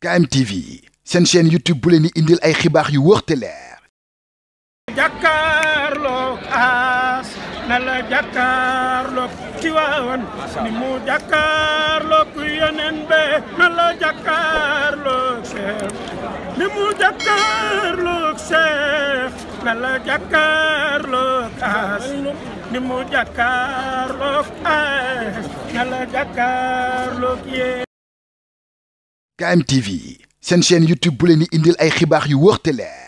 KMTV seen chaîne YouTube bu leen di indil ay xibaax yu wóor te leer. jàkkaarloog aas na la jàkkaarloog Tiwaawan ni mu jàkkaarloog yeneen be na la jàkkaarloog Seex ni mu jàkkaarloog Seex na la jàkkaarloog aas ni mu jàkkaarloog aas na la jàkkaarloog yee. KMTV seen chaîne YouTube bu leen di indil ay xibaax yu wóor te leer